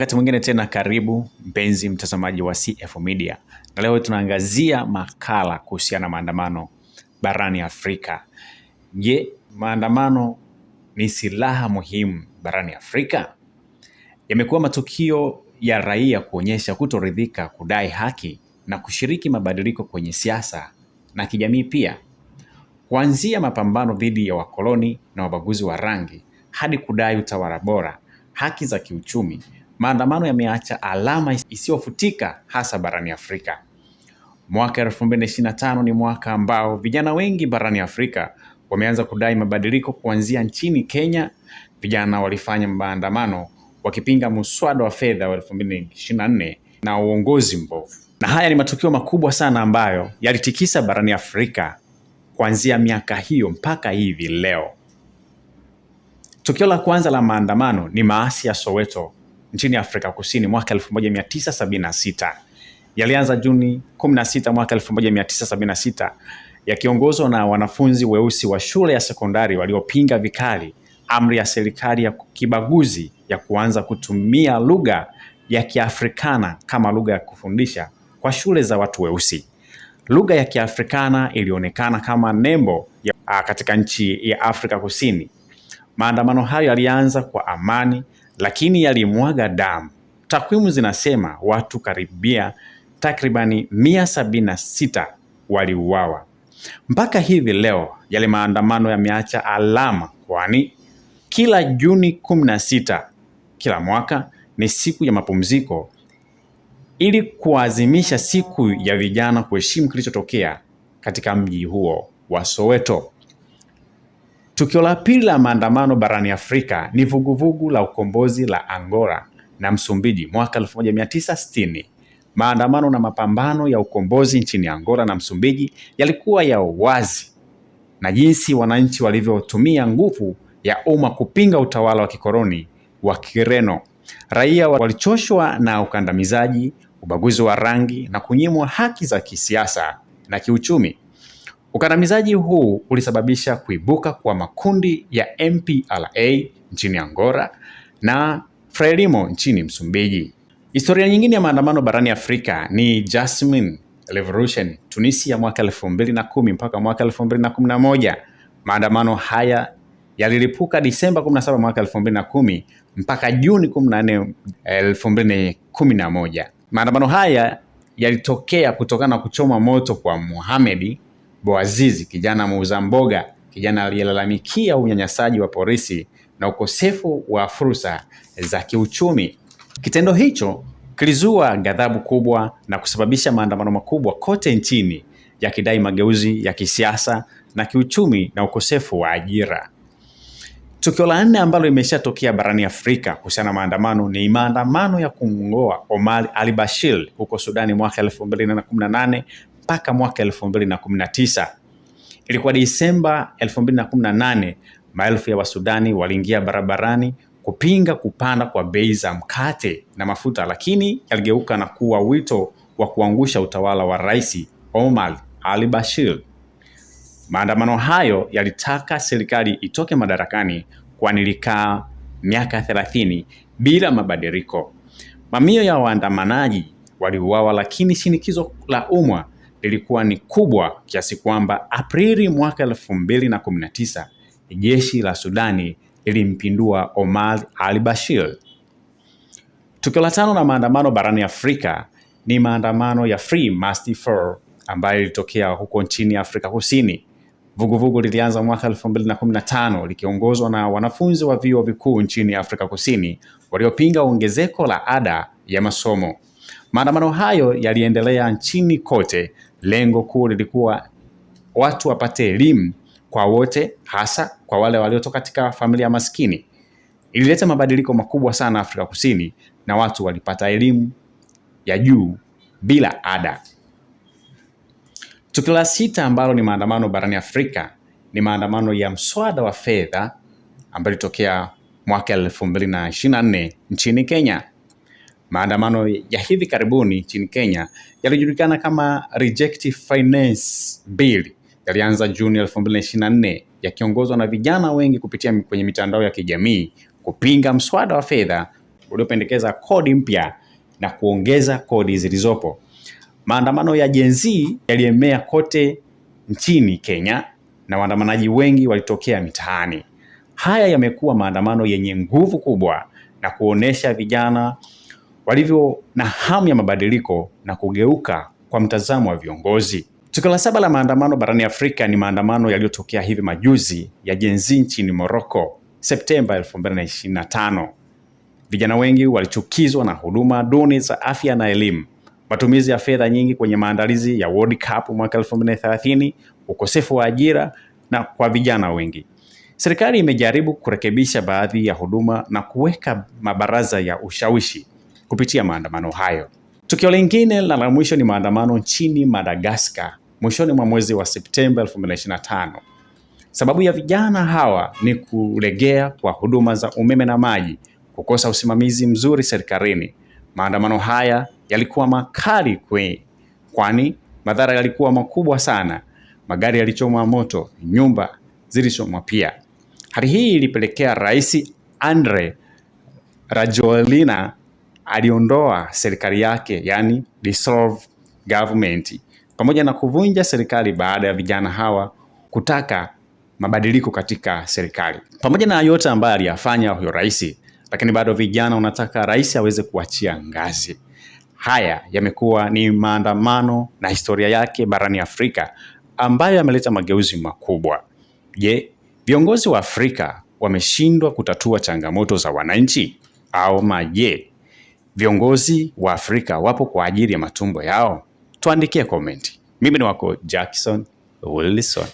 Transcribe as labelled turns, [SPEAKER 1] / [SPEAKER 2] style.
[SPEAKER 1] Wakati mwingine tena, karibu mpenzi mtazamaji wa CF Media, na leo tunaangazia makala kuhusiana na maandamano barani Afrika. Je, maandamano ni silaha muhimu barani Afrika? Yamekuwa matukio ya raia kuonyesha kutoridhika, kudai haki na kushiriki mabadiliko kwenye siasa na kijamii pia, kuanzia mapambano dhidi ya wakoloni na wabaguzi wa rangi hadi kudai utawala bora, haki za kiuchumi maandamano yameacha alama isiyofutika hasa barani Afrika. Mwaka 2025 ni mwaka ambao vijana wengi barani Afrika wameanza kudai mabadiliko kuanzia nchini Kenya. Vijana walifanya maandamano wakipinga muswada wa fedha wa 2024 na uongozi mbovu. Na haya ni matukio makubwa sana ambayo yalitikisa barani Afrika kuanzia miaka hiyo mpaka hivi leo. Tukio la kwanza la maandamano ni maasi ya Soweto nchini Afrika Kusini mwaka 1976. Yalianza Juni 16 mwaka 1976 yakiongozwa na wanafunzi weusi wa shule ya sekondari waliopinga vikali amri ya serikali ya kibaguzi ya kuanza kutumia lugha ya Kiafrikana kama lugha ya kufundisha kwa shule za watu weusi. Lugha ya Kiafrikana ilionekana kama nembo ya katika nchi ya Afrika Kusini. Maandamano hayo yalianza kwa amani lakini yalimwaga damu. Takwimu zinasema watu karibia takribani mia sabini na sita waliuawa. Mpaka hivi leo yale maandamano yameacha alama, kwani kila Juni kumi na sita kila mwaka ni siku ya mapumziko ili kuadhimisha siku ya vijana kuheshimu kilichotokea katika mji huo wa Soweto. Tukio la pili la maandamano barani Afrika ni vuguvugu la ukombozi la Angola na Msumbiji mwaka 1960. Maandamano na mapambano ya ukombozi nchini Angola na Msumbiji yalikuwa ya uwazi na jinsi wananchi walivyotumia nguvu ya umma kupinga utawala wa kikoloni wa Kireno. Raia walichoshwa na ukandamizaji, ubaguzi wa rangi na kunyimwa haki za kisiasa na kiuchumi. Ukandamizaji huu ulisababisha kuibuka kwa makundi ya MPLA nchini Angola na Frelimo nchini Msumbiji. Historia nyingine ya maandamano barani Afrika ni Jasmine Revolution Tunisia mwaka 2010 mpaka mwaka 2011. Maandamano haya yalilipuka Disemba 17 mwaka 2010 mpaka Juni 14, 2011. Maandamano haya yalitokea kutokana na kuchoma moto kwa muhamedi Boazizi, kijana muuza mboga, kijana aliyelalamikia unyanyasaji wa polisi na ukosefu wa fursa za kiuchumi. Kitendo hicho kilizua ghadhabu kubwa na kusababisha maandamano makubwa kote nchini yakidai mageuzi ya kisiasa na kiuchumi na ukosefu wa ajira. Tukio la nne ambalo limeshatokea barani Afrika kuhusiana na maandamano ni maandamano ya kumngoa Omar al-Bashir huko Sudani mwaka 2018 mpaka mwaka 2019. Ilikuwa Disemba 2018, maelfu ya Wasudani waliingia barabarani kupinga kupanda kwa bei za mkate na mafuta, lakini yaligeuka na kuwa wito wa kuangusha utawala wa Rais Omar al-Bashir. Maandamano hayo yalitaka serikali itoke madarakani, kwani ilikaa miaka 30 bila mabadiliko. mamio ya waandamanaji waliuawa, lakini shinikizo la umwa lilikuwa ni kubwa kiasi kwamba Aprili mwaka elfu mbili na kumi na tisa jeshi la Sudani lilimpindua Omar al-Bashir. Tukio la tano la maandamano barani Afrika ni maandamano ya Free Masti Fall ambayo ilitokea huko nchini Afrika Kusini. Vuguvugu lilianza mwaka 2015 likiongozwa na wanafunzi wa vyuo vikuu nchini Afrika Kusini waliopinga ongezeko la ada ya masomo. Maandamano hayo yaliendelea nchini kote Lengo kuu lilikuwa watu wapate elimu kwa wote, hasa kwa wale waliotoka katika familia maskini. Ilileta mabadiliko makubwa sana Afrika Kusini, na watu walipata elimu ya juu bila ada. Tukio la sita ambalo ni maandamano barani Afrika ni maandamano ya mswada wa fedha ambayo ilitokea mwaka elfu mbili na ishirini na nne nchini Kenya. Maandamano ya hivi karibuni nchini Kenya yalijulikana kama Reject Finance Bill yalianza Juni 2024 yakiongozwa na vijana wengi kupitia kwenye mitandao ya kijamii kupinga mswada wa fedha uliopendekeza kodi mpya na kuongeza kodi zilizopo. Maandamano ya Gen Z yaliemea kote nchini Kenya na waandamanaji wengi walitokea mitaani. Haya yamekuwa maandamano yenye nguvu kubwa na kuonesha vijana walivyo na hamu ya mabadiliko na kugeuka kwa mtazamo wa viongozi. Tukio la saba la maandamano barani Afrika ni maandamano yaliyotokea hivi majuzi ya Gen Z nchini Morocco Septemba 2025. Vijana wengi walichukizwa na huduma duni za afya na elimu, matumizi ya fedha nyingi kwenye maandalizi ya World Cup mwaka 2030, ukosefu wa ajira na kwa vijana wengi. Serikali imejaribu kurekebisha baadhi ya huduma na kuweka mabaraza ya ushawishi, kupitia maandamano hayo. Tukio lingine la la mwisho ni maandamano nchini Madagaskar mwishoni mwa mwezi wa Septemba 2025. Sababu ya vijana hawa ni kulegea kwa huduma za umeme na maji, kukosa usimamizi mzuri serikalini. Maandamano haya yalikuwa makali kweli, kwani madhara yalikuwa makubwa sana. Magari yalichomwa moto, nyumba zilichomwa pia. Hali hii ilipelekea Rais Andre Rajoelina aliondoa serikali yake, yani dissolve government, pamoja na kuvunja serikali baada ya vijana hawa kutaka mabadiliko katika serikali. Pamoja na yote ambayo aliyafanya huyo rais, lakini bado vijana wanataka rais aweze kuachia ngazi. Haya yamekuwa ni maandamano na historia yake barani Afrika ambayo yameleta mageuzi makubwa. Je, viongozi wa Afrika wameshindwa kutatua changamoto za wananchi au maje? viongozi wa Afrika wapo kwa ajili ya matumbo yao? Tuandikie komenti. Mimi ni wako Jackson Wilson.